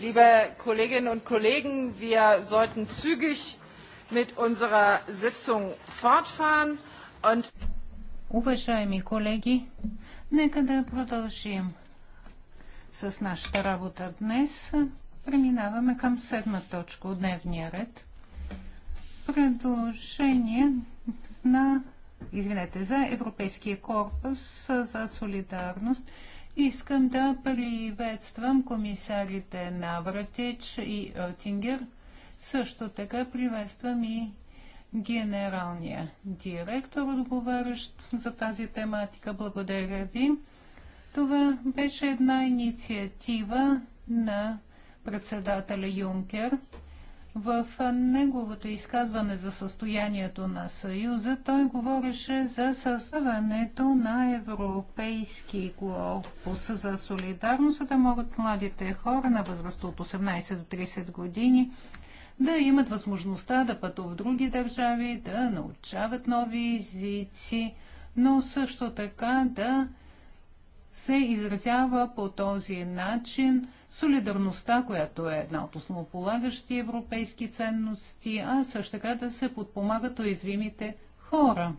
liebe Kolleginnen und Kollegen, wir sollten zügig mit unserer Sitzung fortfahren und Уважаеми колеги, нека да продължим с нашата работа днес. Преминаваме към седма точка от дневния ред. Предложение на, извинете, за Европейския корпус за солидарност – Искам да приветствам комисарите Навратич и Оттингер. Също така приветствам и генералния директор, отговарящ за тази тематика. Благодаря ви. Това беше една инициатива на председателя Юнкер – в неговото изказване за състоянието на Съюза той говореше за създаването на европейски корпус за солидарност, за да могат младите хора на възраст от 18 до 30 години да имат възможността да пътуват в други държави, да научават нови езици, но също така да се изразява по този начин – солидарността, която е една от основополагащи европейски ценности, а също така да се подпомагат уязвимите хора.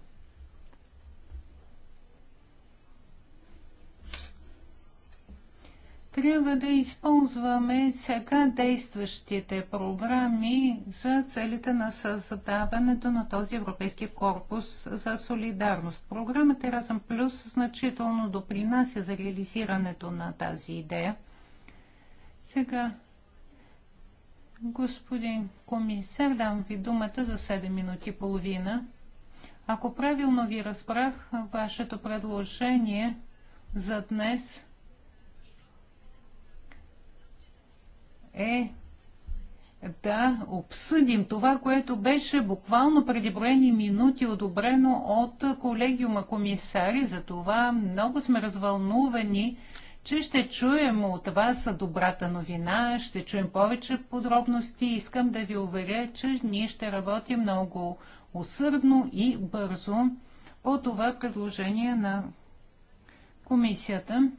трябва да използваме сега действащите програми за целите на създаването на този Европейски корпус за солидарност. Програмата Еразъм Плюс значително допринася за реализирането на тази идея. Сега, господин комисар, дам ви думата за 7 минути и половина. Ако правилно ви разбрах, вашето предложение за днес е да обсъдим това, което беше буквално преди броени минути одобрено от колегиума комисари. За това много сме развълнувани че ще чуем от вас добрата новина, ще чуем повече подробности. Искам да ви уверя, че ние ще работим много усърдно и бързо по това предложение на комисията.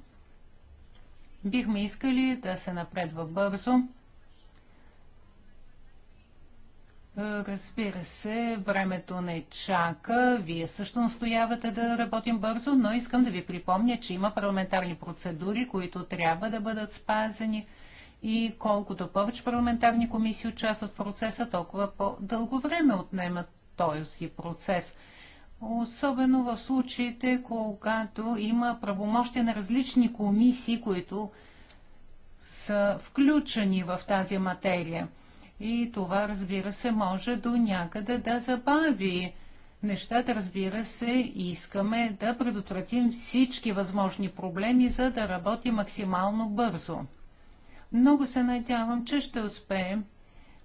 Бихме искали да се напредва бързо. Е, разбира се, времето не чака. Вие също настоявате да работим бързо, но искам да ви припомня, че има парламентарни процедури, които трябва да бъдат спазени. И колкото повече парламентарни комисии участват в процеса, толкова по-дълго време отнема този процес. Особено в случаите, когато има правомощия на различни комисии, които са включени в тази материя. И това, разбира се, може до някъде да забави нещата, разбира се, искаме да предотвратим всички възможни проблеми, за да работи максимално бързо. Много се надявам, че ще успеем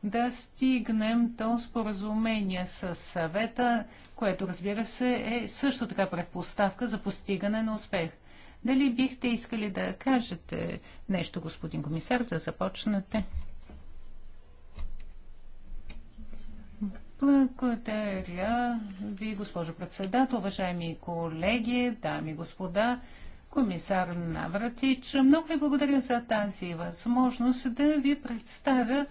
да стигнем до споразумение с съвета, което, разбира се, е също така предпоставка за постигане на успех. Дали бихте искали да кажете нещо, господин комисар, да започнете? Благодаря ви, госпожо председател, уважаеми колеги, дами и господа, комисар Навратич. Много ви благодаря за тази възможност да ви представя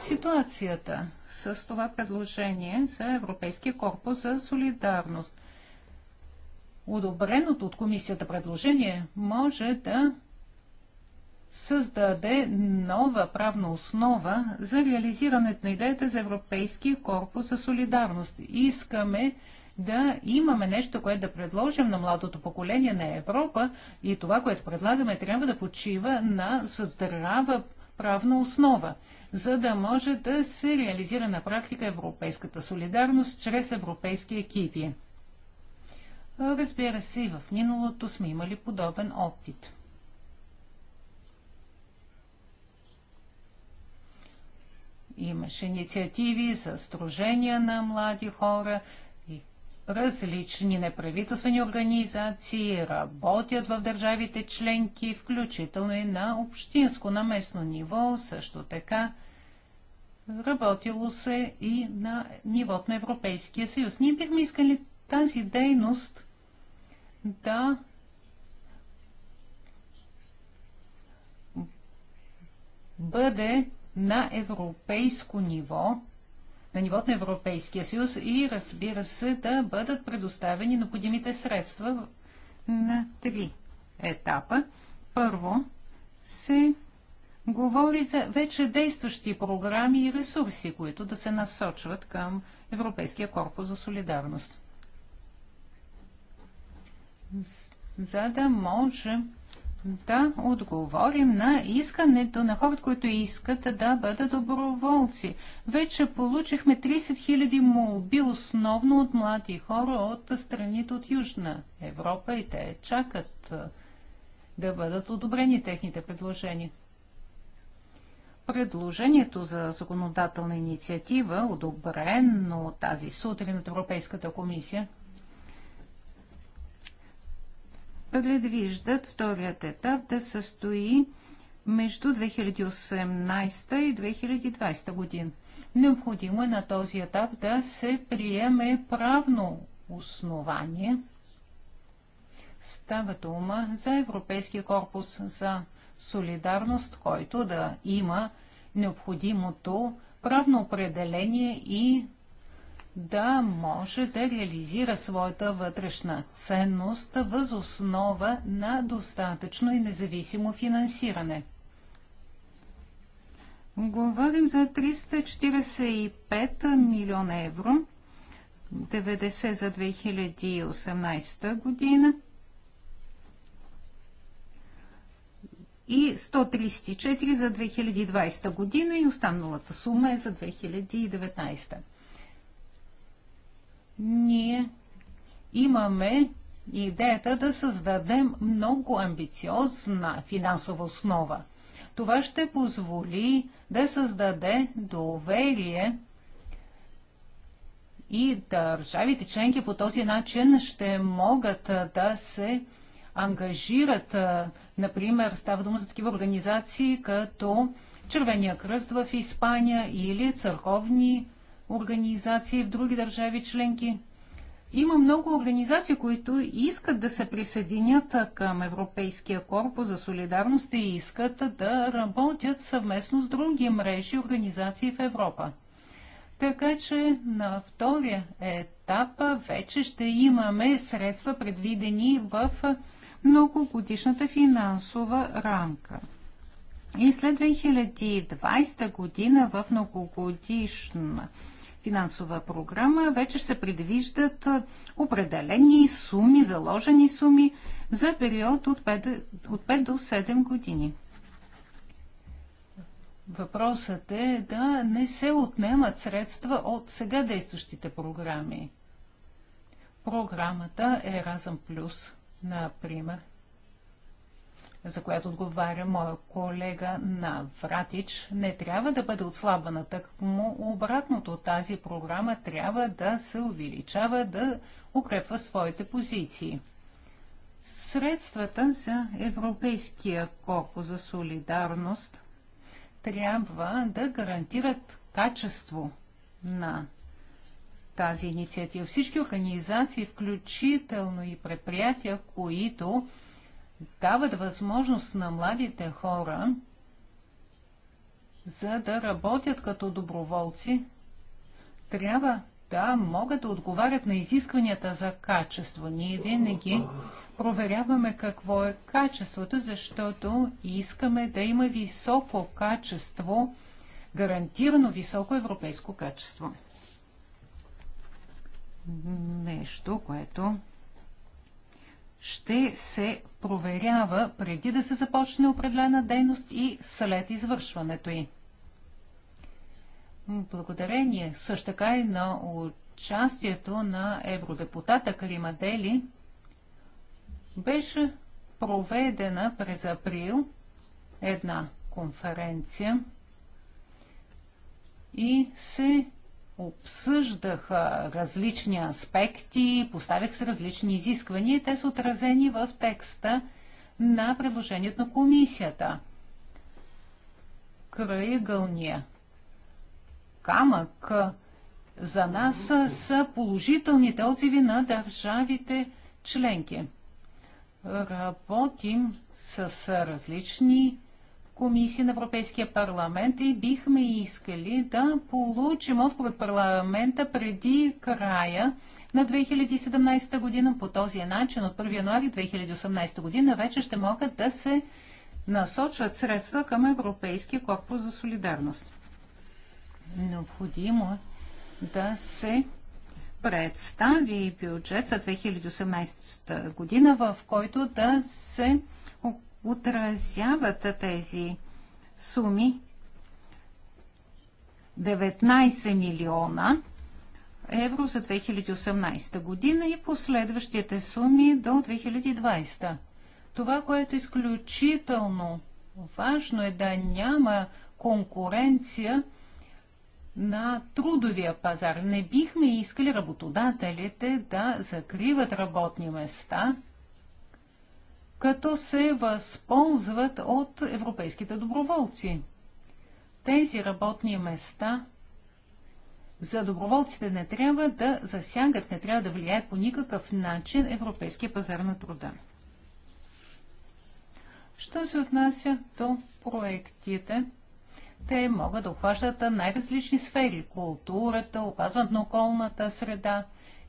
ситуацията с това предложение за Европейския корпус за солидарност. Одобреното от комисията предложение може да създаде нова правна основа за реализирането на идеята за Европейския корпус за солидарност. Искаме да имаме нещо, което да предложим на младото поколение на Европа и това, което предлагаме, трябва да почива на здрава правна основа, за да може да се реализира на практика европейската солидарност чрез европейски екипи. Разбира се, и в миналото сме имали подобен опит. Имаше инициативи за сдружения на млади хора и различни неправителствени организации работят в държавите членки, включително и на общинско, на местно ниво, също така работило се и на нивото на Европейския съюз. Ние бихме искали тази дейност да бъде на европейско ниво, на нивото на Европейския съюз и разбира се да бъдат предоставени необходимите средства на три етапа. Първо се говори за вече действащи програми и ресурси, които да се насочват към Европейския корпус за солидарност. За да можем да отговорим на искането на хората, които искат да бъдат доброволци. Вече получихме 30 000 молби, основно от млади хора от страните от Южна Европа и те чакат да бъдат одобрени техните предложения. Предложението за законодателна инициатива, одобрено тази сутрин от Европейската комисия, предвиждат вторият етап да състои между 2018 и 2020 година. Необходимо е на този етап да се приеме правно основание. Става дума за Европейския корпус за солидарност, който да има необходимото правно определение и да може да реализира своята вътрешна ценност въз основа на достатъчно и независимо финансиране. Говорим за 345 милиона евро, 90 за 2018 година и 134 за 2020 година и останалата сума е за 2019 ние имаме идеята да създадем много амбициозна финансова основа. Това ще позволи да създаде доверие и държавите членки по този начин ще могат да се ангажират. Например, става дума за такива организации като Червения кръст в Испания или църковни организации в други държави членки. Има много организации, които искат да се присъединят към Европейския корпус за солидарност и искат да работят съвместно с други мрежи и организации в Европа. Така че на втория етап вече ще имаме средства предвидени в многогодишната финансова рамка. И след 2020 година в многогодишна финансова програма вече се предвиждат определени суми, заложени суми за период от 5, от 5 до 7 години. Въпросът е да не се отнемат средства от сега действащите програми. Програмата Еразъм Плюс, например, за която отговаря моя колега на Вратич, не трябва да бъде отслабвана. му обратното, тази програма трябва да се увеличава, да укрепва своите позиции. Средствата за Европейския корпус за солидарност трябва да гарантират качество на тази инициатива. Всички организации, включително и предприятия, които дават възможност на младите хора за да работят като доброволци, трябва да могат да отговарят на изискванията за качество. Ние винаги проверяваме какво е качеството, защото искаме да има високо качество, гарантирано високо европейско качество. Нещо, което ще се проверява преди да се започне определена дейност и след извършването й. Благодарение също така и на участието на евродепутата Карима Дели беше проведена през април една конференция и се обсъждаха различни аспекти, поставях се различни изисквания. Те са отразени в текста на предложението на комисията. Крайъгълния камък за нас са положителните отзиви на държавите членки. Работим с различни комисия на Европейския парламент и бихме искали да получим отговор от парламента преди края на 2017 година. По този начин от 1 януари 2018 година вече ще могат да се насочват средства към Европейския корпус за солидарност. Необходимо е да се представи бюджет за 2018 година, в който да се отразяват тези суми. 19 милиона евро за 2018 година и последващите суми до 2020. Това, което е изключително важно е да няма конкуренция на трудовия пазар. Не бихме искали работодателите да закриват работни места като се възползват от европейските доброволци. Тези работни места за доброволците не трябва да засягат, не трябва да влияят по никакъв начин европейския пазар на труда. Що се отнася до проектите, те могат да обхващат най-различни сфери – културата, опазването на околната среда,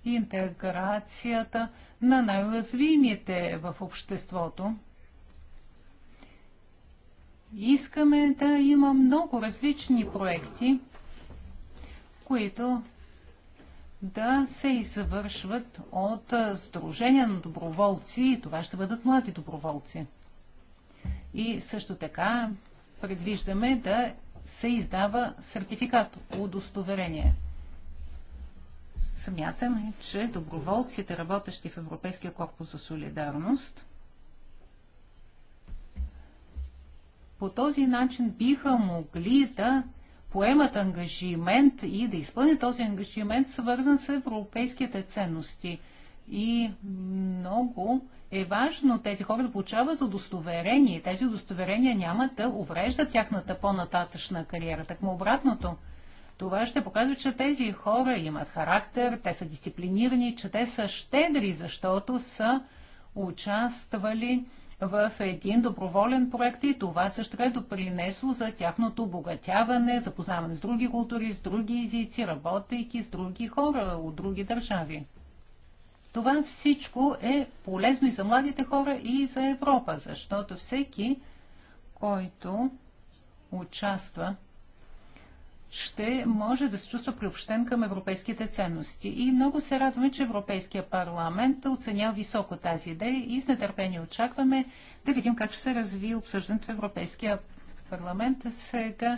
интеграцията – на най-уязвимите в обществото. Искаме да има много различни проекти, които да се извършват от Сдружение на доброволци и това ще бъдат млади доброволци. И също така предвиждаме да се издава сертификат, удостоверение – Смятаме, че доброволците, работещи в Европейския корпус за солидарност, по този начин биха могли да поемат ангажимент и да изпълнят този ангажимент, свързан с европейските ценности. И много е важно тези хора да получават удостоверение. Тези удостоверения няма да увреждат тяхната по-нататъчна кариера. Так му обратното – това ще показва, че тези хора имат характер, те са дисциплинирани, че те са щедри, защото са участвали в един доброволен проект и това също е допринесло за тяхното обогатяване, запознаване с други култури, с други езици, работейки с други хора от други държави. Това всичко е полезно и за младите хора, и за Европа, защото всеки, който участва ще може да се чувства приобщен към европейските ценности. И много се радваме, че Европейския парламент оценява високо тази идея и с нетърпение очакваме да видим как ще се разви обсъждането в Европейския парламент. Сега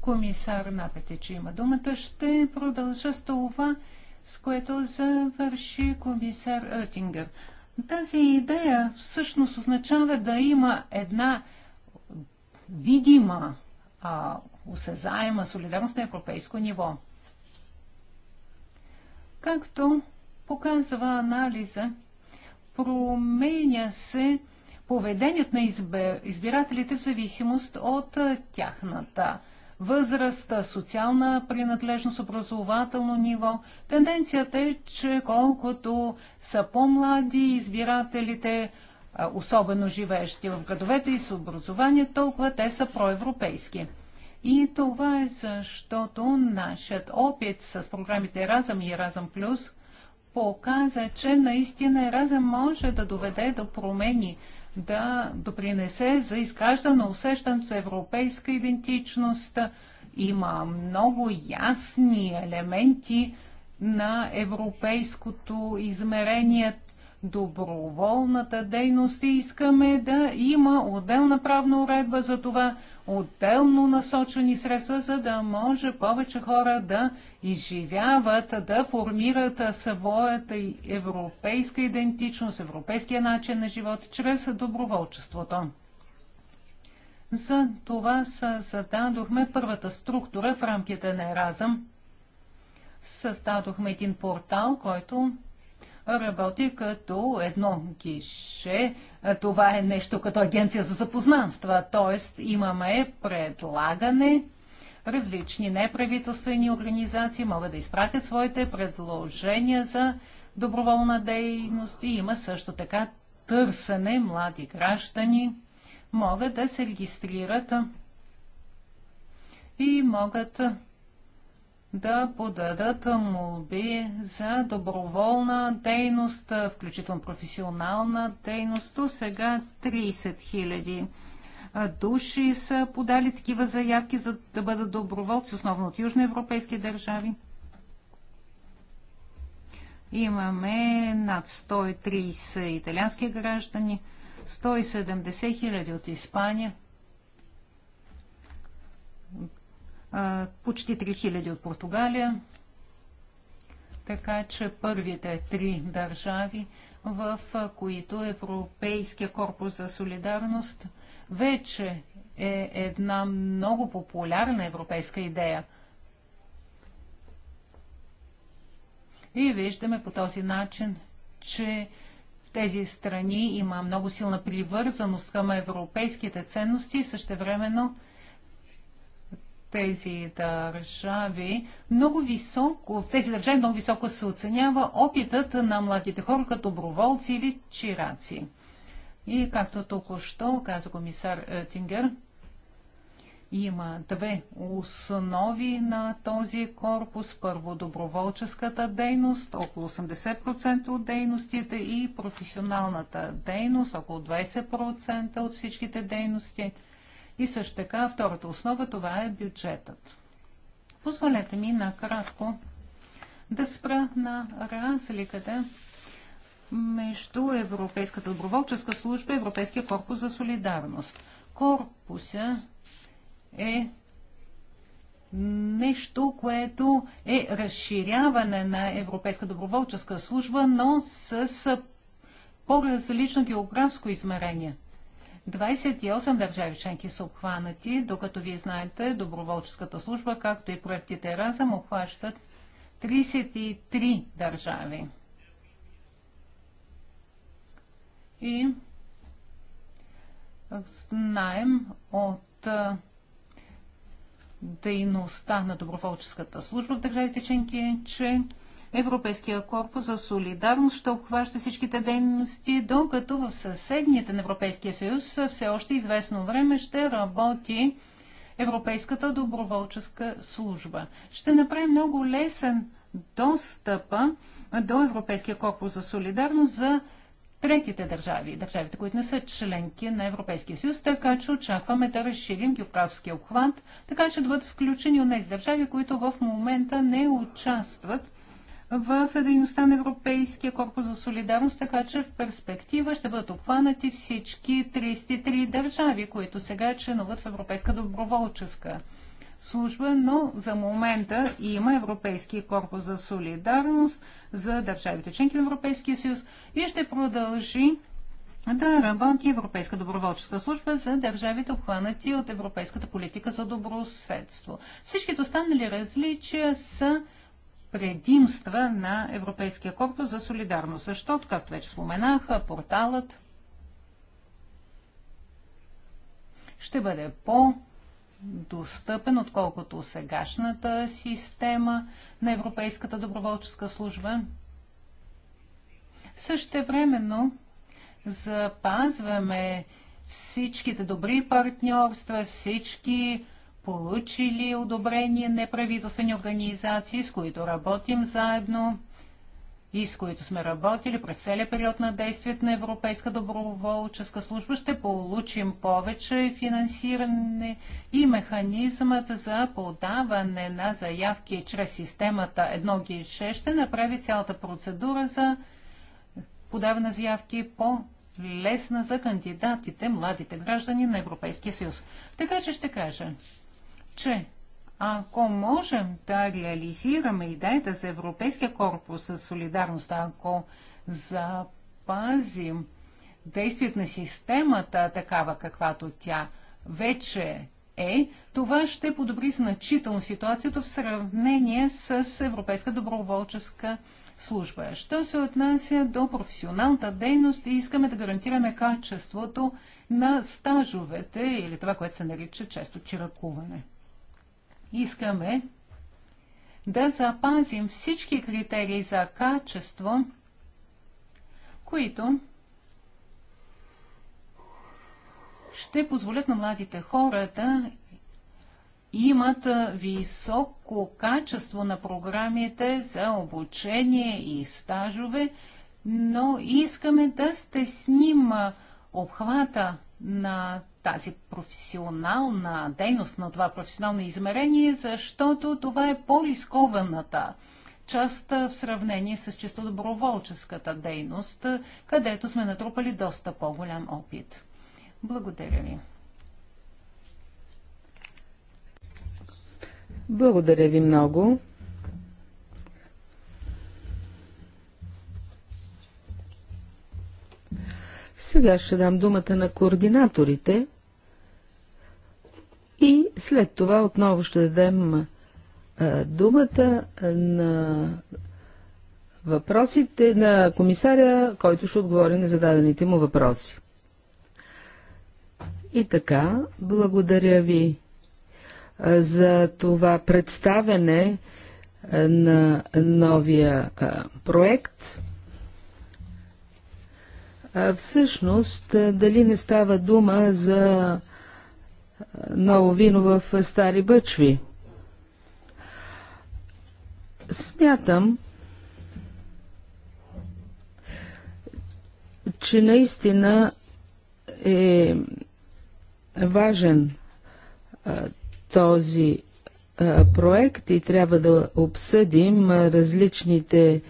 комисар Напете, че има думата, ще продължа с това, с което завърши комисар Оттингер. Тази идея всъщност означава да има една видима а, осезаема солидарност на европейско ниво. Както показва анализа, променя се поведението на избирателите в зависимост от тяхната възраст, социална принадлежност, образователно ниво. Тенденцията е, че колкото са по-млади избирателите, особено живеещи в градовете и с образование, толкова те са проевропейски. И това е защото нашият опит с програмите Разъм и Разъм Плюс показа, че наистина Еразъм може да доведе до промени, да допринесе за изграждане на усещането за европейска идентичност. Има много ясни елементи на европейското измерение доброволната дейност и искаме да има отделна правна уредба за това, отделно насочени средства, за да може повече хора да изживяват, да формират своята европейска идентичност, европейския начин на живот чрез доброволчеството. За това създадохме първата структура в рамките на Еразъм. Създадохме един портал, който работи като едно гише. Това е нещо като агенция за запознанства, т.е. имаме предлагане. Различни неправителствени организации могат да изпратят своите предложения за доброволна дейност и има също така търсене. Млади граждани могат да се регистрират и могат да подадат молби за доброволна дейност, включително професионална дейност. До сега 30 000 души са подали такива заявки, за да бъдат доброволци, основно от южноевропейски държави. Имаме над 130 италиански граждани, 170 000 от Испания – почти 3000 от Португалия. Така че първите три държави, в които Европейския корпус за солидарност вече е една много популярна европейска идея. И виждаме по този начин, че в тези страни има много силна привързаност към европейските ценности и същевременно времено тези държави много високо, в тези държави много високо се оценява опитът на младите хора като доброволци или чираци. И както току-що каза комисар Тингер, има две основи на този корпус. Първо доброволческата дейност, около 80% от дейностите и професионалната дейност, около 20% от всичките дейности – и също така, втората основа, това е бюджетът. Позволете ми накратко да спра на разликата между Европейската доброволческа служба и Европейския корпус за солидарност. Корпуса е нещо, което е разширяване на Европейска доброволческа служба, но с по-различно географско измерение. 28 държави членки са обхванати, докато вие знаете, доброволческата служба, както и проектите Еразъм, обхващат 33 държави. И знаем от дейността на доброволческата служба в държавите членки, че Европейския корпус за солидарност ще обхваща всичките дейности, докато в съседните на Европейския съюз все още известно време ще работи Европейската доброволческа служба. Ще направи много лесен достъпа до Европейския корпус за солидарност за третите държави, държавите, които не са членки на Европейския съюз, така че очакваме да разширим географския обхват, така че да бъдат включени от тези държави, които в момента не участват в дейността на Европейския корпус за солидарност, така че в перспектива ще бъдат обхванати всички 33 държави, които сега членуват в Европейска доброволческа служба, но за момента има Европейски корпус за солидарност за държавите членки на Европейския съюз и ще продължи да работи Европейска доброволческа служба за държавите обхванати от Европейската политика за добросъседство. Всичките останали различия са предимства на Европейския корпус за солидарност, защото, както вече споменах, порталът ще бъде по достъпен, отколкото сегашната система на Европейската доброволческа служба. времено запазваме всичките добри партньорства, всички получили одобрение неправителствени организации, с които работим заедно и с които сме работили през целия период на действието на Европейска доброволческа служба, ще получим повече финансиране и механизмът за подаване на заявки чрез системата 1G6 ще направи цялата процедура за подаване на заявки по лесна за кандидатите, младите граждани на Европейския съюз. Така че ще кажа, че ако можем да реализираме идеята за Европейския корпус за солидарност, ако запазим действието на системата такава, каквато тя вече е, това ще подобри значително ситуацията в сравнение с Европейска доброволческа служба. Що се отнася до професионалната дейност, искаме да гарантираме качеството на стажовете или това, което се нарича често чиракуване искаме да запазим всички критерии за качество, които ще позволят на младите хора да имат високо качество на програмите за обучение и стажове, но искаме да стесним обхвата на тази професионална дейност, на това професионално измерение, защото това е по-рискованата част в сравнение с чисто доброволческата дейност, където сме натрупали доста по-голям опит. Благодаря ви. Благодаря ви много. Сега ще дам думата на координаторите и след това отново ще дадем а, думата на въпросите на комисаря, който ще отговори на зададените му въпроси. И така, благодаря ви за това представене на новия проект. Всъщност, дали не става дума за ново вино в стари бъчви? Смятам, че наистина е важен този проект и трябва да обсъдим различните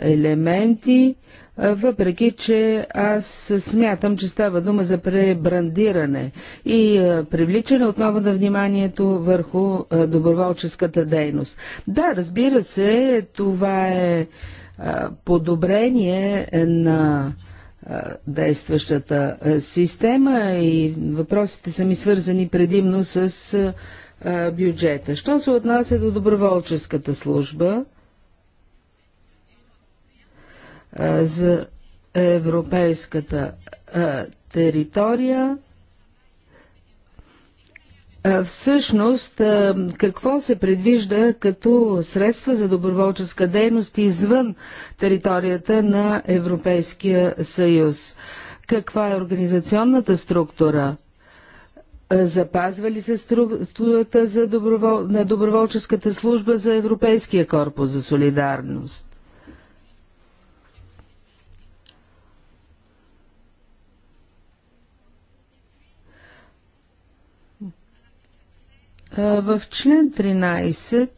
елементи въпреки че аз смятам, че става дума за пребрандиране и привличане отново на вниманието върху доброволческата дейност. Да, разбира се, това е подобрение на действащата система и въпросите са ми свързани предимно с бюджета. Що се отнася до доброволческата служба, за европейската територия. Всъщност, какво се предвижда като средства за доброволческа дейност извън територията на Европейския съюз? Каква е организационната структура? Запазва ли се структурата за добровол... на доброволческата служба за Европейския корпус за солидарност? Е, в член 13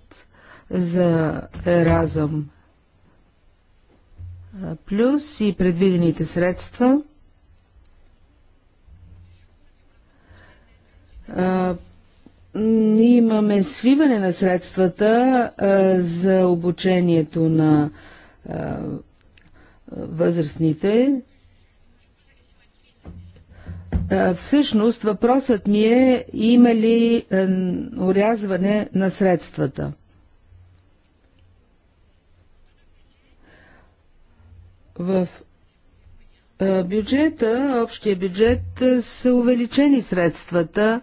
за Еразъм е, плюс и предвидените средства е, ние имаме свиване на средствата за обучението на възрастните е, всъщност въпросът ми е има ли урязване е, на средствата. В е, бюджета, общия бюджет, са увеличени средствата,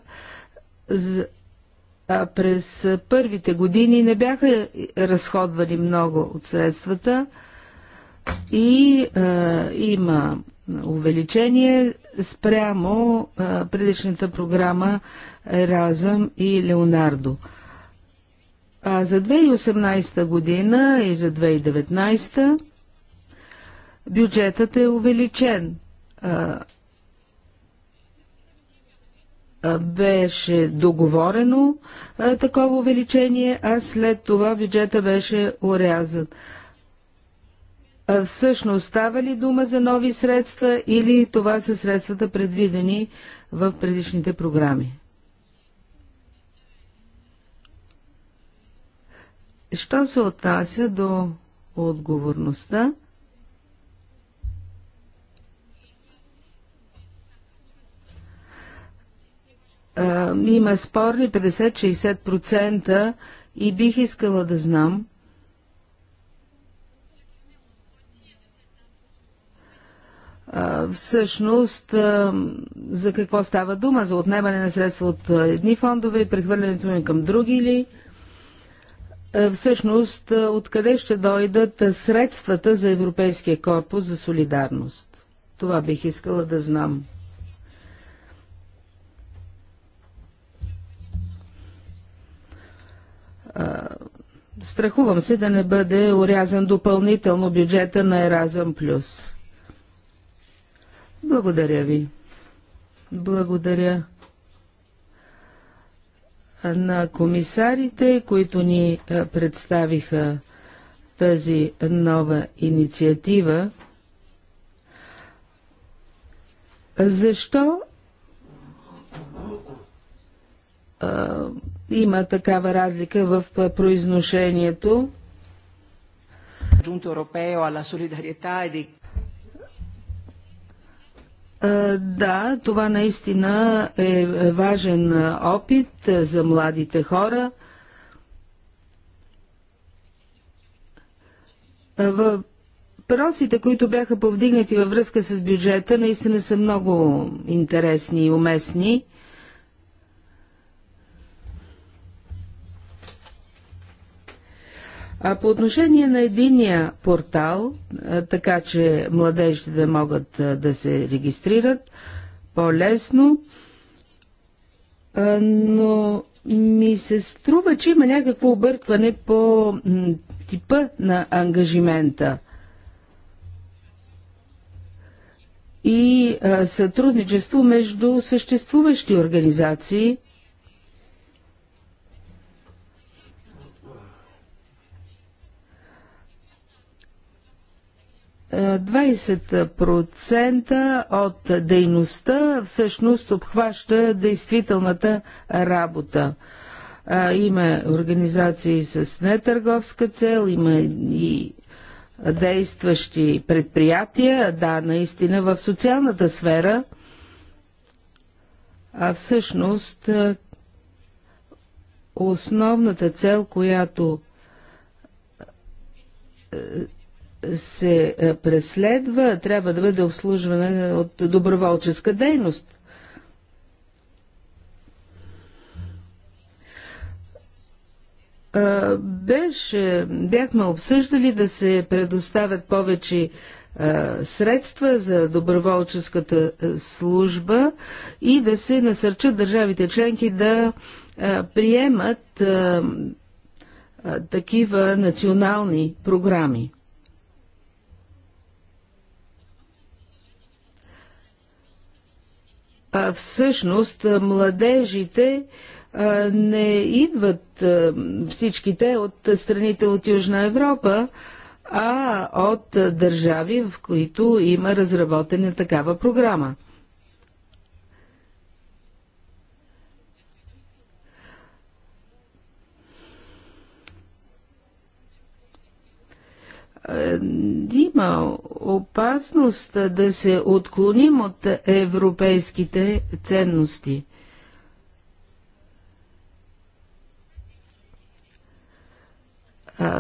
а през първите години не бяха разходвани много от средствата и а, има увеличение спрямо а, предишната програма Еразъм и Леонардо. А за 2018 година и за 2019 бюджетът е увеличен. А, беше договорено а, такова увеличение, а след това бюджета беше урязан всъщност става ли дума за нови средства или това са средствата предвидени в предишните програми? Що се отнася до отговорността? Има спорни 50-60% и бих искала да знам всъщност за какво става дума? За отнемане на средства от едни фондове и прехвърлянето им към други ли? Всъщност, откъде ще дойдат средствата за Европейския корпус за солидарност? Това бих искала да знам. Страхувам се да не бъде урязан допълнително бюджета на Еразъм Плюс благодаря ви. Благодаря на комисарите, които ни е, представиха тази нова инициатива. Защо а, е, има такава разлика в произношението? Да, това наистина е важен опит за младите хора. Въпросите, които бяха повдигнати във връзка с бюджета, наистина са много интересни и уместни. А по отношение на единия портал, така че младежите да могат да се регистрират по-лесно, но ми се струва, че има някакво объркване по типа на ангажимента и сътрудничество между съществуващи организации – 20% от дейността всъщност обхваща действителната работа. Има организации с нетърговска цел, има и действащи предприятия, да, наистина в социалната сфера, а всъщност основната цел, която се е, преследва, трябва да бъде обслужване от доброволческа дейност. Е, беше, бяхме обсъждали да се предоставят повече е, средства за доброволческата служба и да се насърчат държавите членки да приемат такива национални програми. А всъщност младежите не идват всичките от страните от Южна Европа, а от държави, в които има разработена такава програма. има опасност да се отклоним от европейските ценности.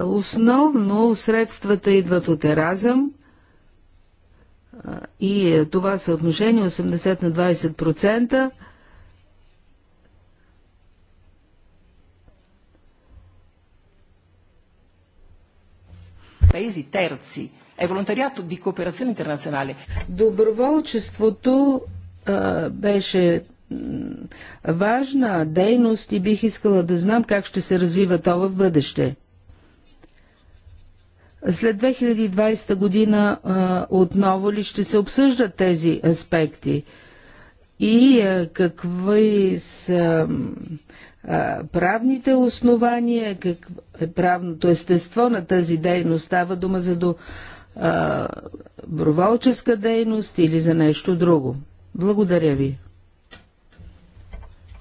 Основно средствата идват от Еразъм и е, това съотношение 80 е на 20% paesi terzi. È volontariato di cooperazione internazionale. Доброволчеството беше важна дейност и бих искала да знам как ще се развива то в бъдеще. След 2020 година отново ли ще се обсъждат тези аспекти? И какви са правните основания, как е правното естество на тази дейност. Става дума за до доброволческа дейност или за нещо друго. Благодаря ви.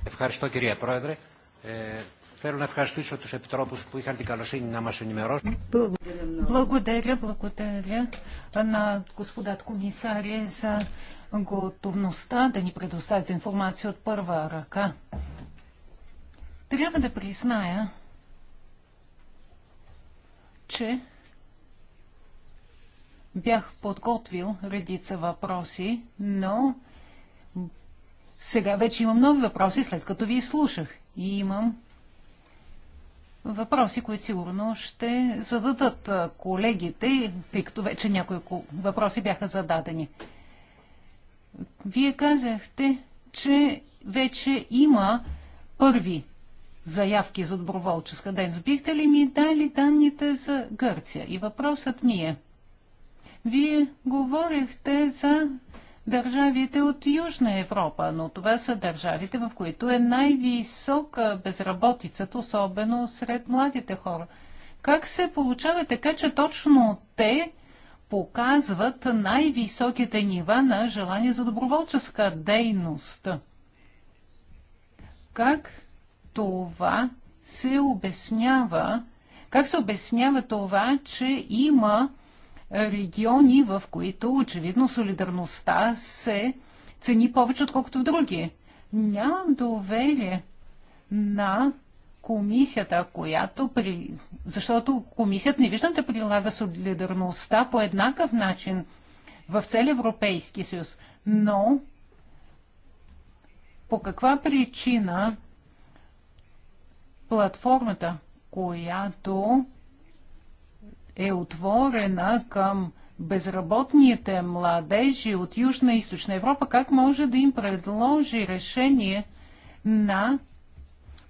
Ευχαριστώ κυρία Πρόεδρε. Ε, θέλω να ευχαριστήσω τους επιτρόπους που είχαν την καλοσύνη να μας ενημερώσουν. Благодаря, благодаря на господат комисария за готовността да ни предоставят информация от първа ръка. Трябва да призная, че бях подготвил редица въпроси, но сега вече имам нови въпроси, след като ви слушах. И имам въпроси, които сигурно ще зададат колегите, тъй като вече някои въпроси бяха зададени. Вие казахте, че вече има първи заявки за доброволческа дейност. Бихте ли ми дали данните за Гърция? И въпросът ми е, вие говорихте за държавите от Южна Европа, но това са държавите, в които е най-висока безработицата, особено сред младите хора. Как се получава така, че точно те показват най-високите нива на желание за доброволческа дейност? Как това се обяснява, как се обяснява това, че има региони, в които очевидно солидарността се цени повече, отколкото в други. Нямам доверие на комисията, която при... Защото комисията не виждам да прилага солидарността по еднакъв начин в цели Европейски съюз. Но по каква причина платформата, която е отворена към безработните младежи от Южна и Източна Европа, как може да им предложи решение на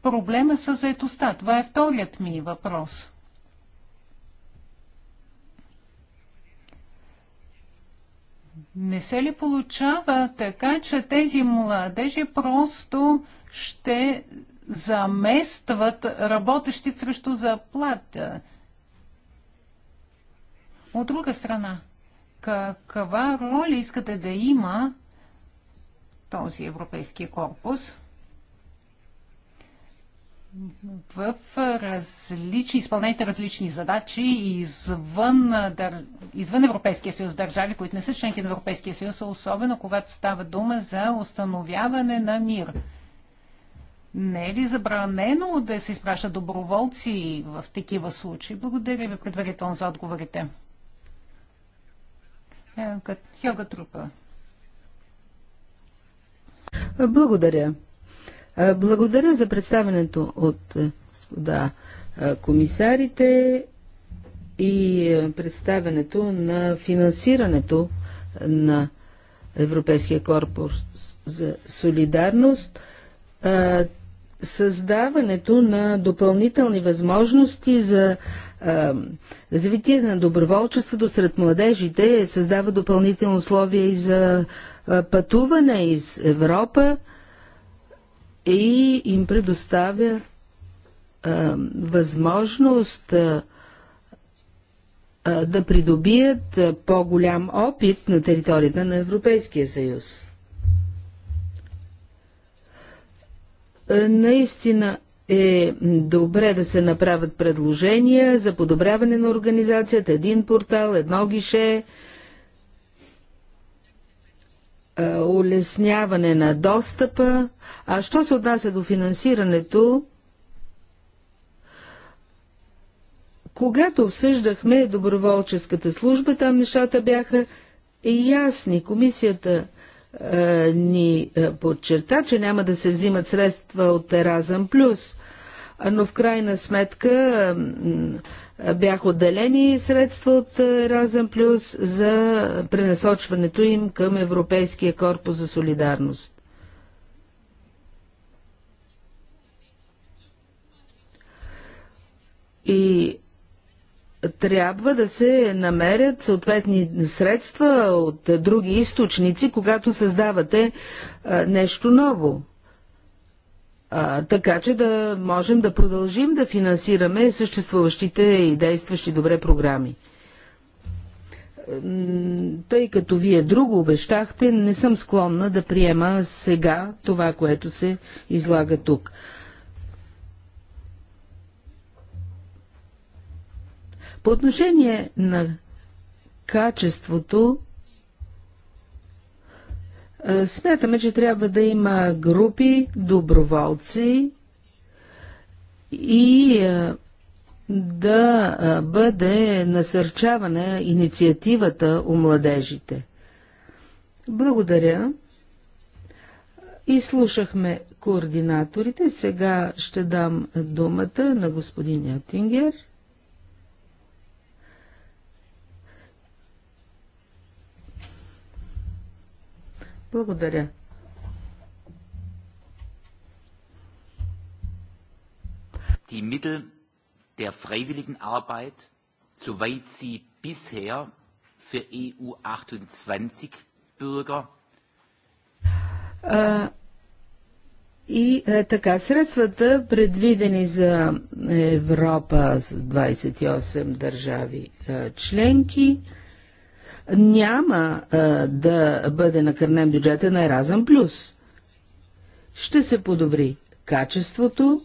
проблема с заетостта? Това е вторият ми въпрос. Не се ли получава така, че тези младежи просто ще заместват работещи срещу заплата. От друга страна, каква роля искате да има този европейски корпус в различни, изпълнените различни задачи извън, извън Европейския съюз, държави, които не са членки на Европейския съюз, особено когато става дума за установяване на мир. Не е ли забранено да се изпращат доброволци в такива случаи? Благодаря ви предварително за отговорите. Хелга Трупа. Благодаря. Благодаря за представенето от господа комисарите и представенето на финансирането на Европейския корпус за солидарност създаването на допълнителни възможности за а, развитие на доброволчеството сред младежите създава допълнителни условия и за а, пътуване из Европа и им предоставя а, възможност а, да придобият по-голям опит на територията на Европейския съюз. Е, наистина е добре да се направят предложения за подобряване на организацията, един портал, едно гише, е, улесняване на достъпа. А що се отнася до финансирането, когато обсъждахме доброволческата служба, там нещата бяха ясни. Комисията е, ни е, подчерта, че няма да се взимат средства от Еразъм Плюс, но в крайна сметка е, бяха отделени средства от Еразъм Плюс за пренасочването им към Европейския корпус за солидарност. И трябва да се намерят съответни средства от други източници, когато създавате нещо ново. Така че да можем да продължим да финансираме съществуващите и действащи добре програми. Тъй като вие друго обещахте, не съм склонна да приема сега това, което се излага тук. По отношение на качеството, смятаме, че трябва да има групи доброволци и да бъде насърчавана инициативата у младежите. Благодаря. И слушахме координаторите. Сега ще дам думата на господин Ятингер. Благодаря. Die Mittel der Freiwilligenarbeit, soweit sie bisher für EU 28 Bürger äh, и е, така, средствата, предвидени за Европа с 28 държави е, членки, е, няма да бъде накърнен бюджета на Еразъм Плюс. Ще се подобри качеството,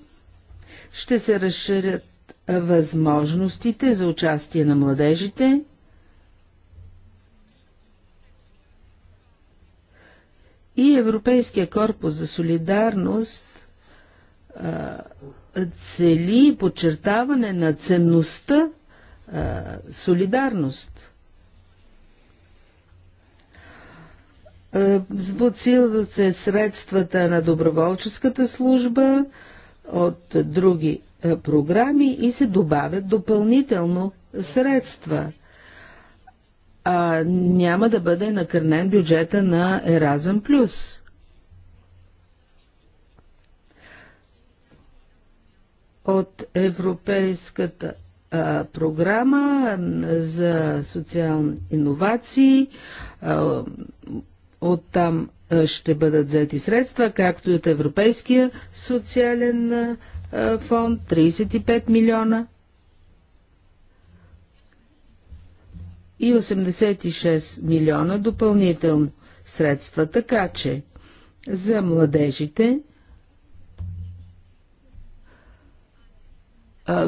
ще се разширят възможностите за участие на младежите, и Европейския корпус за солидарност а, цели подчертаване на ценността а, солидарност. Взбуцилват е, се средствата на доброволческата служба от други е, програми и се добавят допълнително средства. А няма да бъде накърнен бюджета на Еразъм Плюс. От Европейската а, програма за социални иновации а, Оттам ще бъдат взети средства, както и от Европейския социален фонд 35 милиона и 86 милиона допълнително средства, така че за младежите,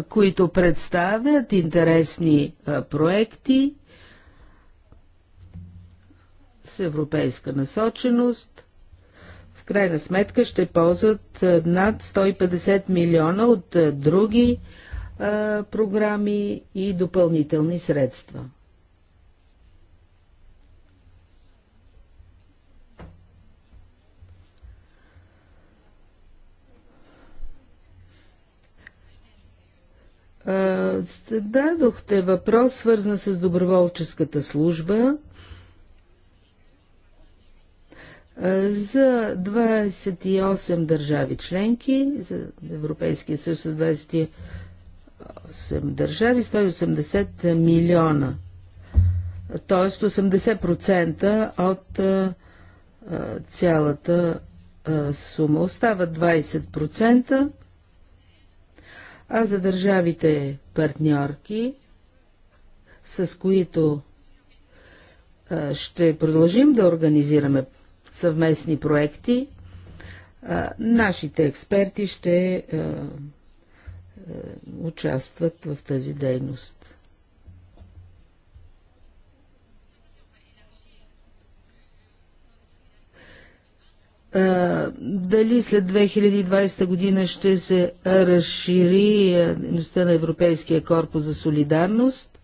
които представят интересни проекти, европейска насоченост. В крайна сметка ще ползват над 150 милиона от други а, програми и допълнителни средства. Дадохте въпрос, свързан с доброволческата служба. за 28 държави членки, за Европейския съюз за 28 държави, 180 милиона, т.е. 80% от а, цялата а, сума. Остава 20%, а за държавите партньорки, с които ще продължим да организираме съвместни проекти. Нашите експерти ще участват в тази дейност. дали след 2020 година ще се разшири дейността на Европейския корпус за солидарност.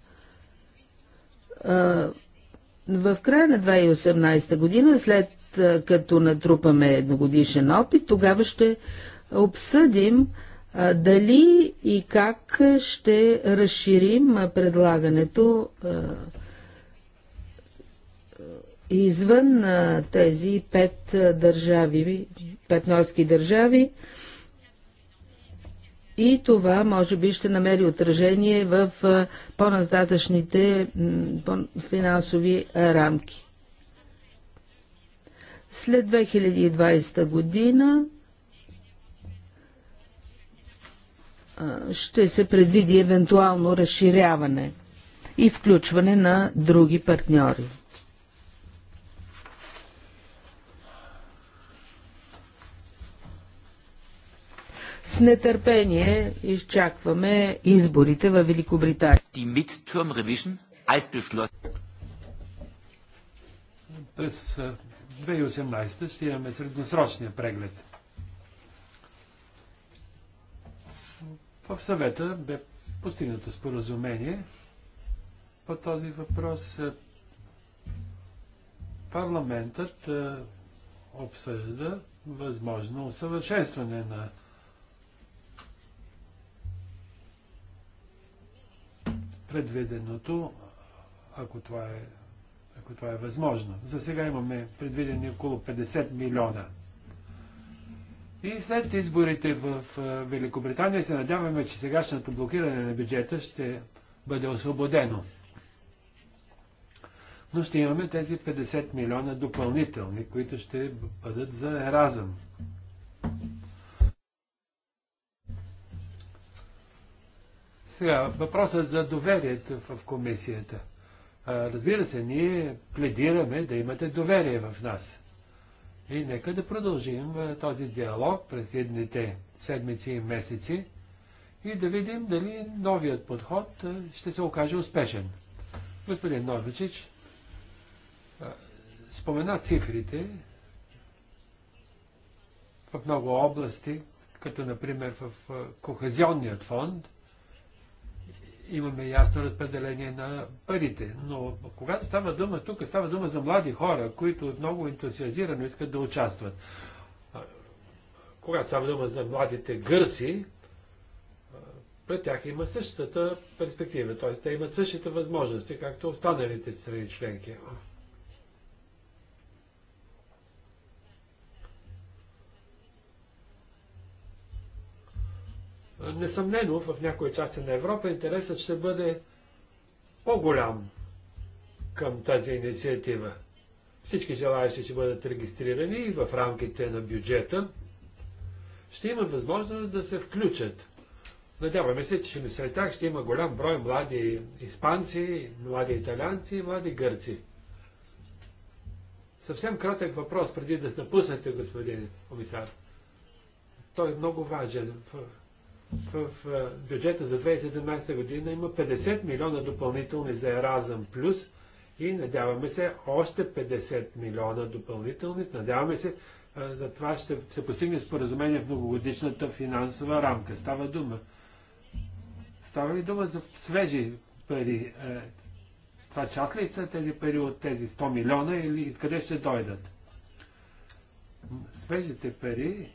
В края на 2018 година, след като натрупаме едногодишен опит, тогава ще обсъдим дали и как ще разширим предлагането извън тези пет държави, пет норски държави. И това може би ще намери отражение в по-нататъчните финансови рамки. След 2020 година ще се предвиди евентуално разширяване и включване на други партньори. С нетърпение изчакваме изборите във Великобритания. През 2018 ще имаме средносрочния преглед. В съвета бе постигнато споразумение по този въпрос. Парламентът обсъжда възможно усъвършенстване на предведеното, ако това е ако това е възможно. За сега имаме предвидени около 50 милиона. И след изборите в Великобритания се надяваме, че сегашното блокиране на бюджета ще бъде освободено. Но ще имаме тези 50 милиона допълнителни, които ще бъдат за еразъм. Сега, въпросът за доверието в комисията – Разбира се, ние пледираме да имате доверие в нас. И нека да продължим този диалог през едните седмици и месеци и да видим дали новият подход ще се окаже успешен. Господин Новичич спомена цифрите в много области, като например в Кохезионният фонд, имаме ясно разпределение на парите. Но когато става дума тук, става дума за млади хора, които много ентусиазирано искат да участват. Когато става дума за младите гърци, пред тях има същата перспектива, т.е. те имат същите възможности, както останалите страни членки. Несъмнено, в някои части на Европа интересът ще бъде по-голям към тази инициатива. Всички желаящи ще бъдат регистрирани и в рамките на бюджета ще има възможност да се включат. Надяваме се, че сред тях ще има голям брой млади испанци, млади италианци и млади гърци. Съвсем кратък въпрос преди да напуснете, господин комисар. Той е много важен в бюджета за 2017 година има 50 милиона допълнителни за Еразъм Плюс и надяваме се още 50 милиона допълнителни. Надяваме се за това ще се постигне споразумение в многогодишната финансова рамка. Става дума. Става ли дума за свежи пари? Е, това част ли са тези пари от тези 100 милиона или къде ще дойдат? Свежите пари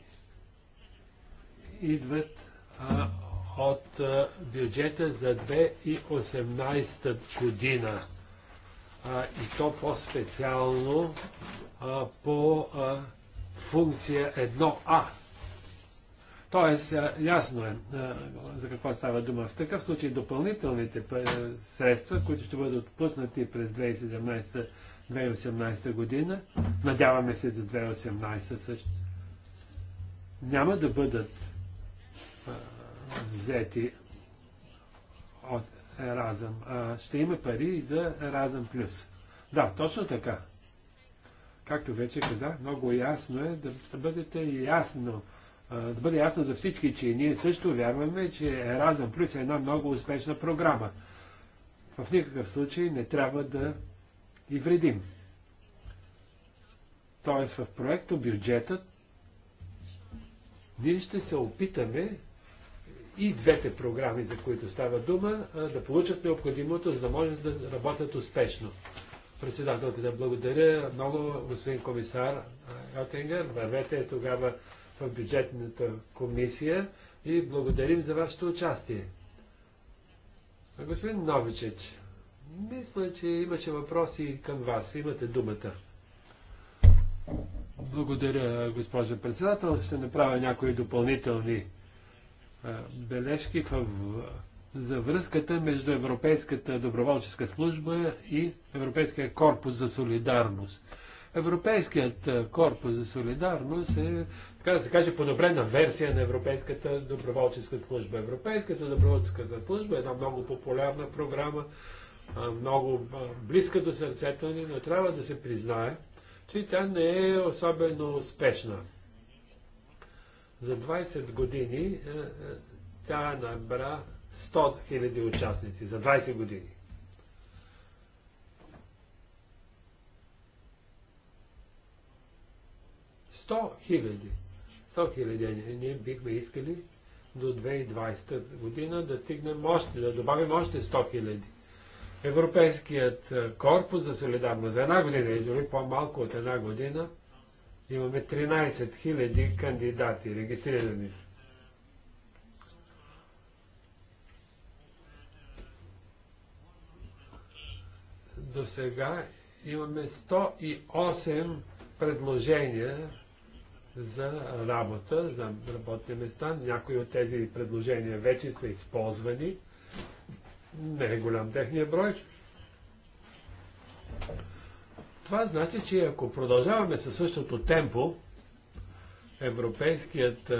идват от бюджета за 2018 година. и то по-специално по функция 1А. Тоест, ясно е за какво става дума. В такъв случай допълнителните средства, които ще бъдат отпуснати през 2017-2018 година, надяваме се за 2018 също, няма да бъдат взети от Еразъм. ще има пари за Еразъм Плюс. Да, точно така. Както вече казах, много ясно е да, да бъдете ясно, да бъде ясно за всички, че ние също вярваме, че Еразъм Плюс е една много успешна програма. В никакъв случай не трябва да и вредим. Тоест в проекто бюджетът ние ще се опитаме и двете програми, за които става дума, да получат необходимото, за да могат да работят успешно. Председателката, благодаря много, господин комисар Йотингер. Вървете тогава в бюджетната комисия и благодарим за вашето участие. Господин Новичич, мисля, че имаше въпроси към вас. Имате думата. Благодаря, госпожа председател. Ще направя някои допълнителни бележки в, за връзката между Европейската доброволческа служба и Европейския корпус за солидарност. Европейският корпус за солидарност е, така да се каже, подобрена версия на Европейската доброволческа служба. Европейската доброволческа служба е една много популярна програма, много близка до сърцето ни, но трябва да се признае, че тя не е особено успешна. За 20 години е, е, тя набра 100 000 участници. За 20 години. Сто хиляди. Сто хиляди. Ние бихме искали до 2020 година да стигнем още, да добавим още 100 хиляди. Европейският е, корпус за солидарност за една година и дори по-малко от една година – Имаме 13 000 кандидати регистрирани. До сега имаме 108 предложения за работа, за работни места. Някои от тези предложения вече са използвани. Не е голям техния брой. Това значи, че ако продължаваме със същото темпо, Европейският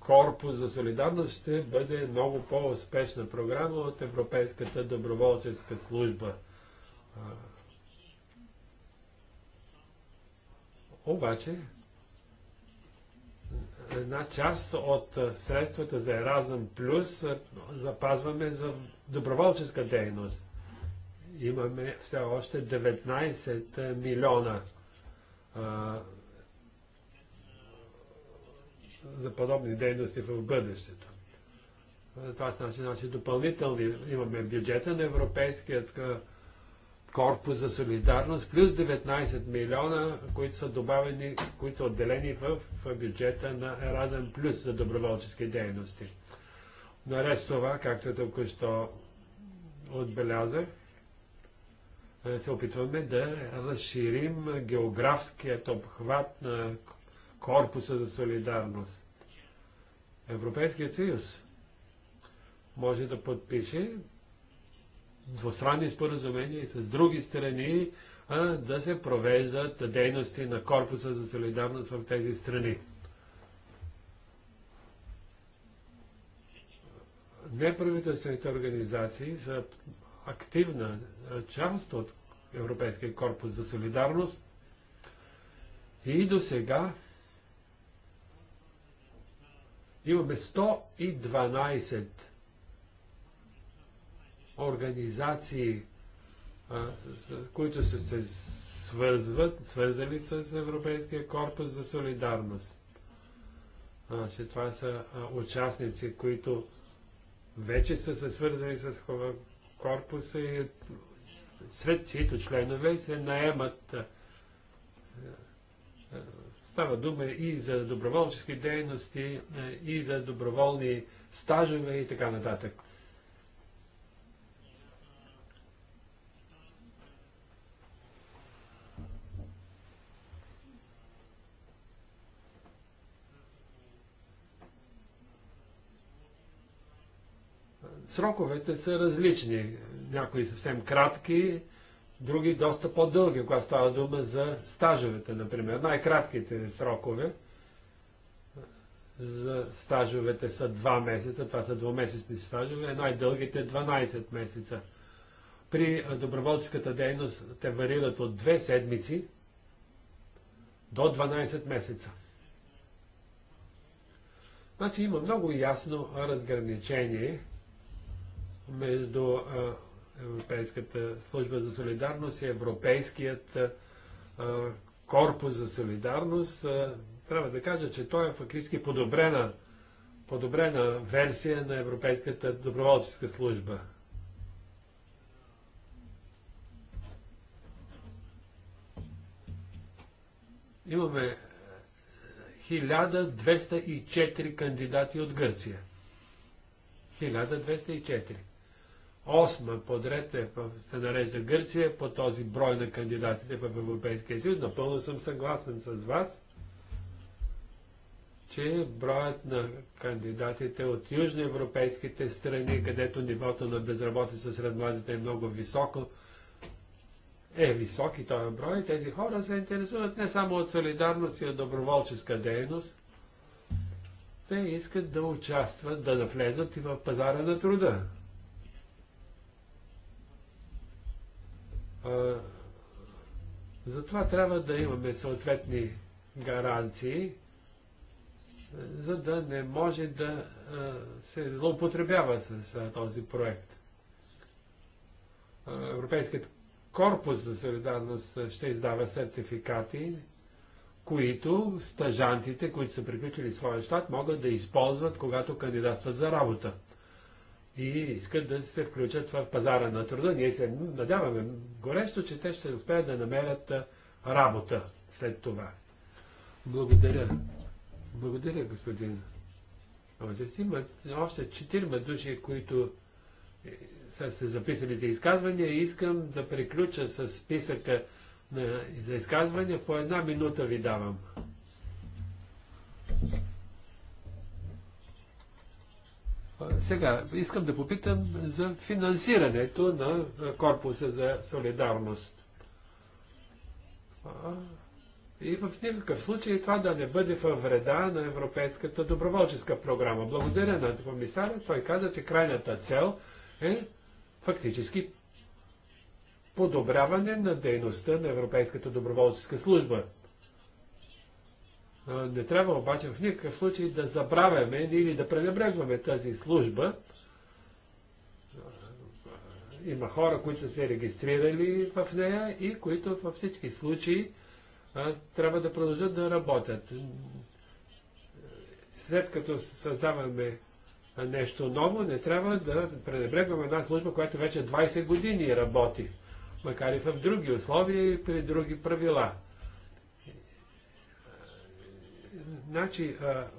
корпус за солидарност ще бъде много по-успешна програма от Европейската доброволческа служба. обаче, една част от средствата за Еразъм Плюс запазваме за доброволческа дейност имаме все още 19 милиона а, за подобни дейности в бъдещето. Това значи, значи допълнителни имаме бюджета на Европейският корпус за солидарност, плюс 19 милиона, които са добавени, които са отделени в, в бюджета на Еразен, Плюс за доброволчески дейности. Наред с това, както току-що отбелязах, е, се опитваме да разширим географският обхват на корпуса за солидарност. Европейският съюз може да подпише двустранни споразумения и с други страни а, да се провеждат дейности на Корпуса за солидарност в тези страни. Неправителствените организации са активна част от Европейския корпус за солидарност. И до сега имаме 112 организации, които са се свързват, свързали с Европейския корпус за солидарност. Значи, това са участници, които вече са се свързани с корпуса и сред чието членове се наемат. Е, е, става дума и за доброволчески дейности, е, и за доброволни стажове и така нататък. Сроковете са различни. Някои съвсем кратки, други доста по-дълги, когато става дума за стажовете, например. Най-кратките срокове за стажовете са 2 месеца, това са двумесечни стажове, най-дългите 12 месеца. При доброволческата дейност те варират от 2 седмици до 12 месеца. Значи има много ясно разграничение – между Европейската служба за солидарност и Европейският корпус за солидарност. трябва да кажа, че той е фактически подобрена, подобрена версия на Европейската доброволческа служба. Имаме 1204 кандидати от Гърция. 1204 осма подред е, се нарежда Гърция по този брой на кандидатите в Европейския съюз. Напълно съм съгласен с вас, че броят на кандидатите от южноевропейските страни, където нивото на безработица сред младите е много високо, е висок и този брой. Тези хора се интересуват не само от солидарност и от доброволческа дейност, те искат да участват, да навлезат и в пазара на труда. затова трябва да имаме съответни гаранции, за да не може да се злоупотребява с този проект. Европейският корпус за солидарност ще издава сертификати, които стажантите, които са приключили своя щат, могат да използват, когато кандидатстват за работа и искат да се включат в пазара на труда. Ние се надяваме горещо, че те ще успеят да намерят работа след това. Благодаря. Благодаря, господин. Има още четирима души, които е, са се записали за изказвания и искам да приключа с списъка на, за изказвания. По една минута ви давам. Сега искам да попитам за финансирането на Корпуса за солидарност. И в никакъв случай това да не бъде във вреда на Европейската доброволческа програма. Благодаря на комисаря. Той каза, че крайната цел е фактически подобряване на дейността на Европейската доброволческа служба. Не трябва обаче в никакъв случай да забравяме или да пренебрегваме тази служба. Има хора, които са се регистрирали в нея и които във всички случаи трябва да продължат да работят. След като създаваме нещо ново, не трябва да пренебрегваме една служба, която вече 20 години работи, макар и в други условия и при други правила. Значи,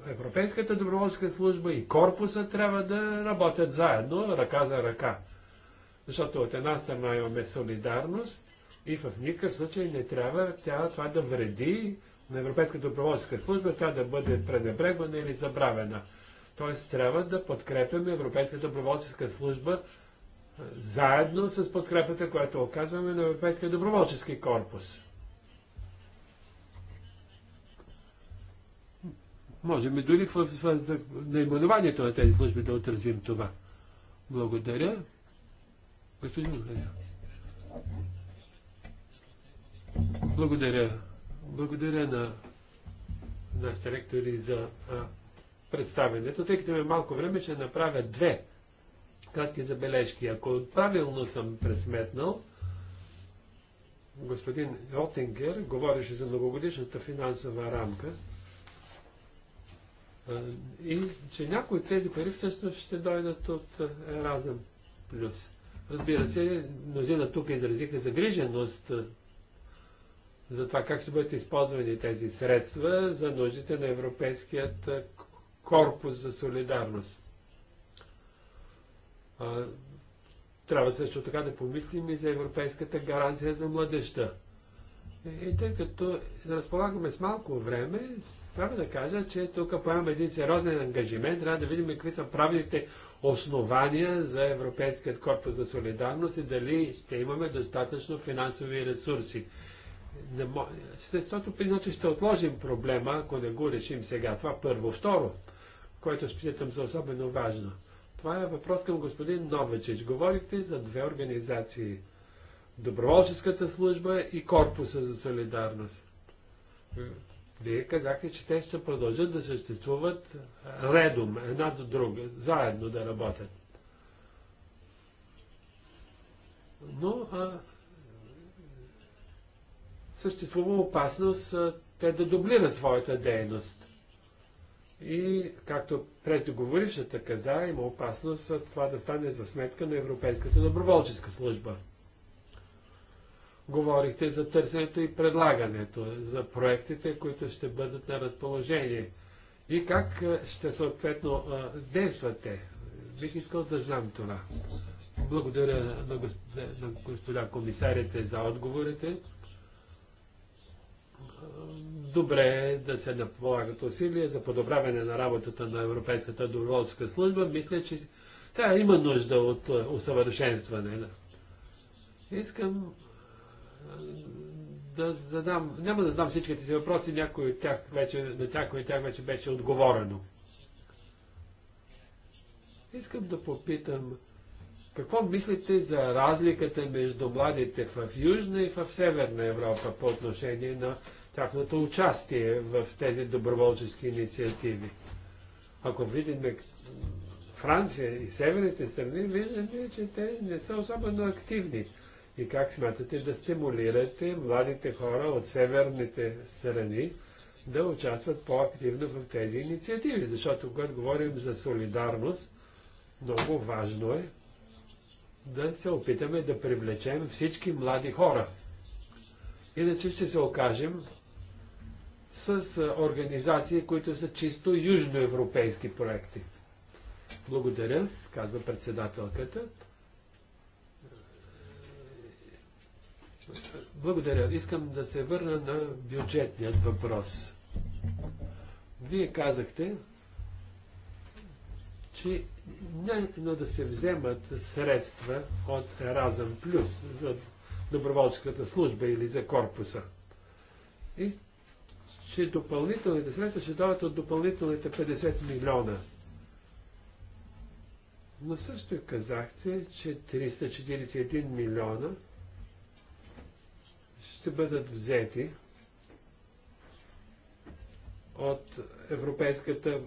Европейската доброволческа служба и корпуса трябва да работят заедно, ръка за ръка. Защото от една страна имаме солидарност и в никакъв случай не трябва тя това да вреди на Европейската доброволческа служба, тя да бъде пренебрегвана или забравена. Тоест трябва да подкрепяме Европейската доброволческа служба заедно с подкрепата, която оказваме на Европейския доброволчески корпус. Можем и дори в, в, в наименованието на тези служби да отразим това. Благодаря. Господин Благодаря. Благодаря. Благодаря на нашите ректори за а, представенето. Тъй като имаме малко време, ще направя две кратки забележки. Ако правилно съм пресметнал, господин Ротингер говореше за многогодишната финансова рамка и че някои от тези пари всъщност ще дойдат от Еразъм Плюс. Разбира се, мнозина тук изразиха загриженост за това как ще бъдат използвани тези средства за нуждите на Европейският корпус за солидарност. трябва също така да помислим и за Европейската гаранция за младеща. и тъй като разполагаме с малко време, трябва да кажа, че тук поемаме един сериозен ангажимент. Трябва да видим какви са правните основания за Европейският корпус за солидарност и дали ще имаме достатъчно финансови ресурси. Не Защото иначе ще отложим проблема, ако не го решим сега. Това първо. Второ, което спитам за особено важно. Това е въпрос към господин Новачич. Говорихте за две организации. Доброволческата служба и Корпуса за солидарност. Вие казахте, че те ще продължат да съществуват редом, една до друга, заедно да работят. Но а, съществува опасност а, те да дублират своята дейност. И, както преждеговорившата каза, има опасност това да стане за сметка на Европейската доброволческа служба говорихте за търсенето и предлагането, за проектите, които ще бъдат на разположение и как е, ще съответно е, действате. Бих искал да знам това. Благодаря на, госп... на господа комисарите за отговорите. Добре е да се наполагат усилия за подобряване на работата на Европейската доброволска служба. Мисля, че тя има нужда от е, усъвършенстване. Искам да задам, няма да задам всичките си въпроси, някои от тях вече, на някои от тях вече беше отговорено. Искам да попитам, какво мислите за разликата между младите в Южна и в Северна Европа по отношение на тяхното участие в тези доброволчески инициативи? Ако видим Франция и северните страни, виждаме, че те не са особено активни и как смятате да стимулирате младите хора от северните страни да участват по-активно в тези инициативи, защото когато говорим за солидарност, много важно е да се опитаме да привлечем всички млади хора. Иначе ще се окажем с организации, които са чисто южноевропейски проекти. Благодаря, казва председателката. Благодаря. Искам да се върна на бюджетният въпрос. Вие казахте, че най-но да се вземат средства от Еразъм Плюс за доброволческата служба или за корпуса. И че допълнителните средства ще дойдат от допълнителните 50 милиона. Но също казахте, че 341 милиона – ще бъдат взети от Европейската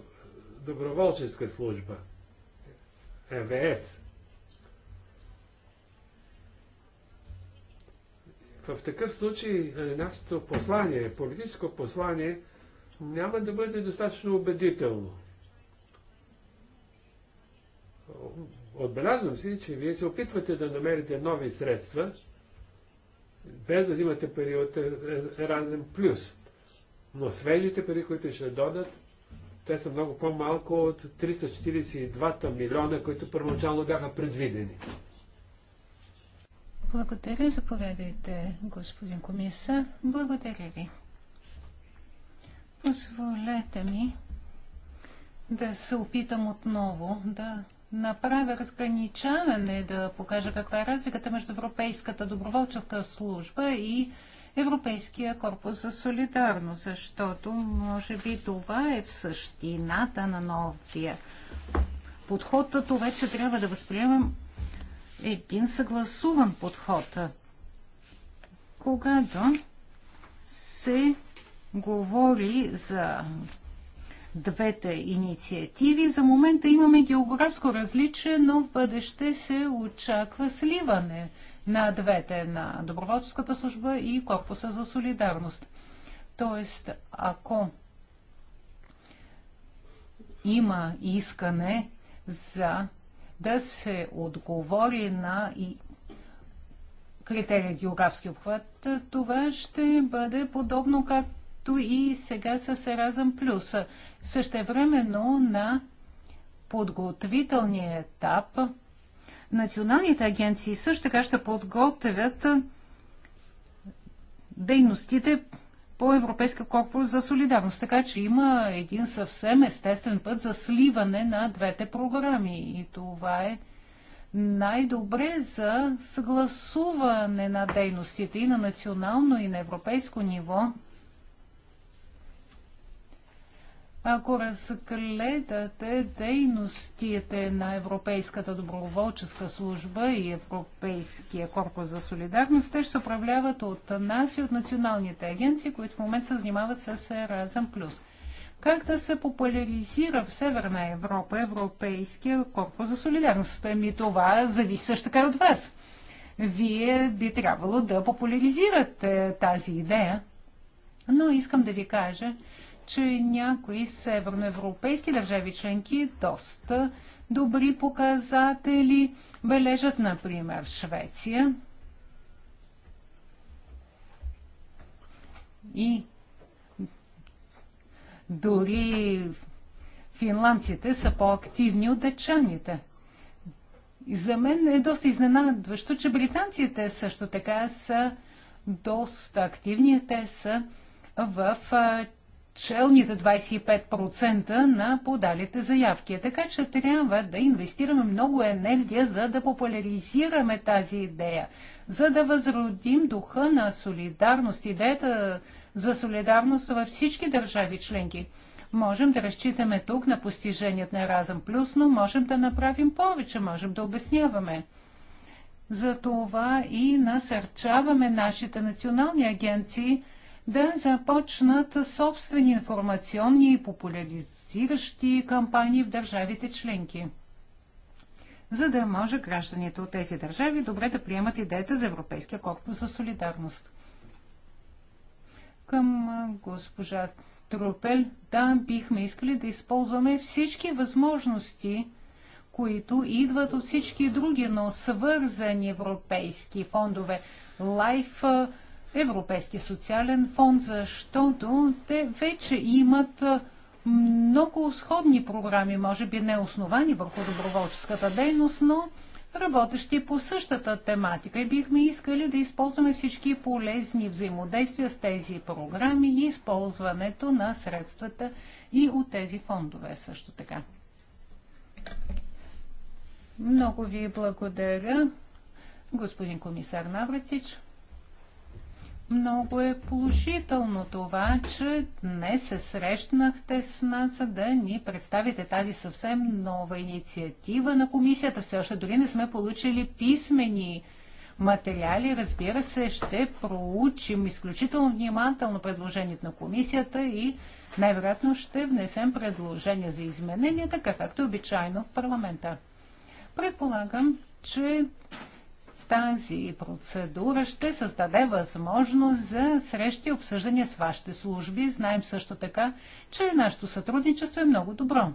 доброволческа служба, ЕВС. В такъв случай е, нашето послание, политическо послание, няма да бъде достатъчно убедително. Отбелязвам си, че вие се опитвате да намерите нови средства, без да взимате пари от е, е, Еразъм Плюс. Но свежите пари, които ще додат, те са много по-малко от 342 милиона, които първоначално бяха предвидени. Благодаря. Заповядайте, господин комиса. Благодаря ви. Позволете ми да се опитам отново да направя разграничаване, да покажа каква е разликата между Европейската доброволческа служба и Европейския корпус за солидарност, защото може би това е в същината на новия подход, то вече трябва да възприемам един съгласуван подход. Когато се говори за двете инициативи. За момента имаме географско различие, но в бъдеще се очаква сливане на двете, на доброволческата служба и корпуса за солидарност. Тоест, ако има искане за да се отговори на и критерия географски обхват, това ще бъде подобно както както и сега с Еразъм Плюс. Същевременно на подготвителния етап националните агенции също така ще подготвят дейностите по Европейска корпус за солидарност. Така че има един съвсем естествен път за сливане на двете програми. И това е най-добре за съгласуване на дейностите и на национално и на европейско ниво. Ако разгледате дейностите на Европейската доброволческа служба и Европейския корпус за солидарност, те ще се управляват от нас и от националните агенции, които в момента се занимават с Еразъм Плюс. Как да се популяризира в Северна Европа Европейския корпус за солидарност? Ами това зависи също така и от вас. Вие би трябвало да популяризирате тази идея. Но искам да ви кажа, че някои северноевропейски държави членки доста добри показатели бележат, например, Швеция. И дори финландците са по-активни от дъчаните. За мен е доста изненадващо, че британците също така са доста активни. Те са в челните 25% на подалите заявки. Така че трябва да инвестираме много енергия, за да популяризираме тази идея, за да възродим духа на солидарност, идеята за солидарност във всички държави членки. Можем да разчитаме тук на постиженият на разъм Плюс, но можем да направим повече, можем да обясняваме. Затова и насърчаваме нашите национални агенции – да започнат собствени информационни и популяризиращи кампании в държавите членки, за да може гражданите от тези държави добре да приемат идеята за Европейския корпус за солидарност. Към госпожа Трупел, да, бихме искали да използваме всички възможности, които идват от всички други, но свързани европейски фондове. Life Европейския социален фонд, защото те вече имат много сходни програми, може би не основани върху доброволческата дейност, но работещи по същата тематика и бихме искали да използваме всички полезни взаимодействия с тези програми и използването на средствата и от тези фондове също така. Много ви благодаря, господин комисар Навратич. Много е положително това, че днес се срещнахте с нас, за да ни представите тази съвсем нова инициатива на комисията. Все още дори не сме получили писмени материали. Разбира се, ще проучим изключително внимателно предложението на комисията и най-вероятно ще внесем предложения за изменения, така както е обичайно в парламента. Предполагам, че тази процедура ще създаде възможност за срещи и обсъждания с вашите служби. Знаем също така, че нашето сътрудничество е много добро.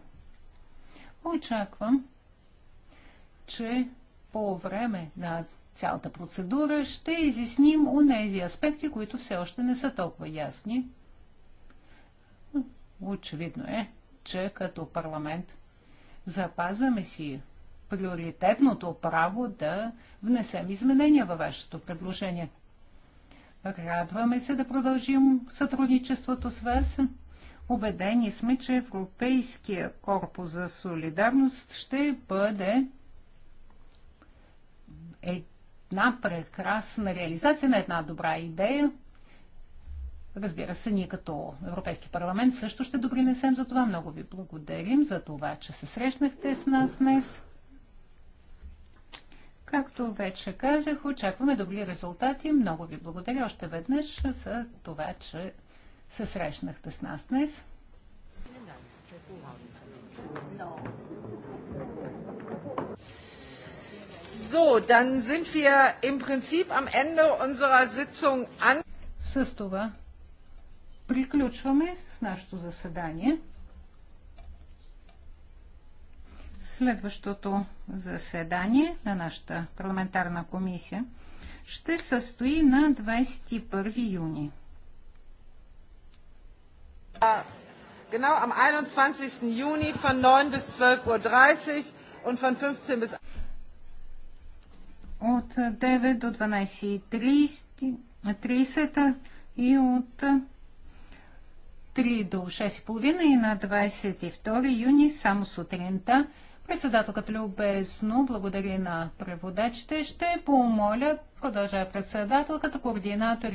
Очаквам, че по време на цялата процедура ще изясним у нези аспекти, които все още не са толкова ясни. Очевидно е, че като парламент запазваме си приоритетното право да внесем изменения във вашето предложение. Радваме се да продължим сътрудничеството с вас. Обедени сме, че Европейския корпус за солидарност ще бъде една прекрасна реализация на една добра идея. Разбира се, ние като Европейски парламент също ще допринесем за това. Много ви благодарим за това, че се срещнахте с нас днес. Както вече казах, очакваме добри резултати. Много ви благодаря още веднъж за това, че се срещнахте с нас днес. So, dann sind wir im Prinzip am Ende unserer Sitzung an. С това приключваме нашето заседание. Следващото заседание на нашата парламентарна комисия ще състои на 21 юни. Genau am 21. Juni von 9 bis 12.30 Uhr und von 15 bis от 9 до 12.30 и от 3 до 6.30 и на 22 юни само сутринта Председателката любезно благодари на преводачите. Ще помоля, продължава председателката, координатори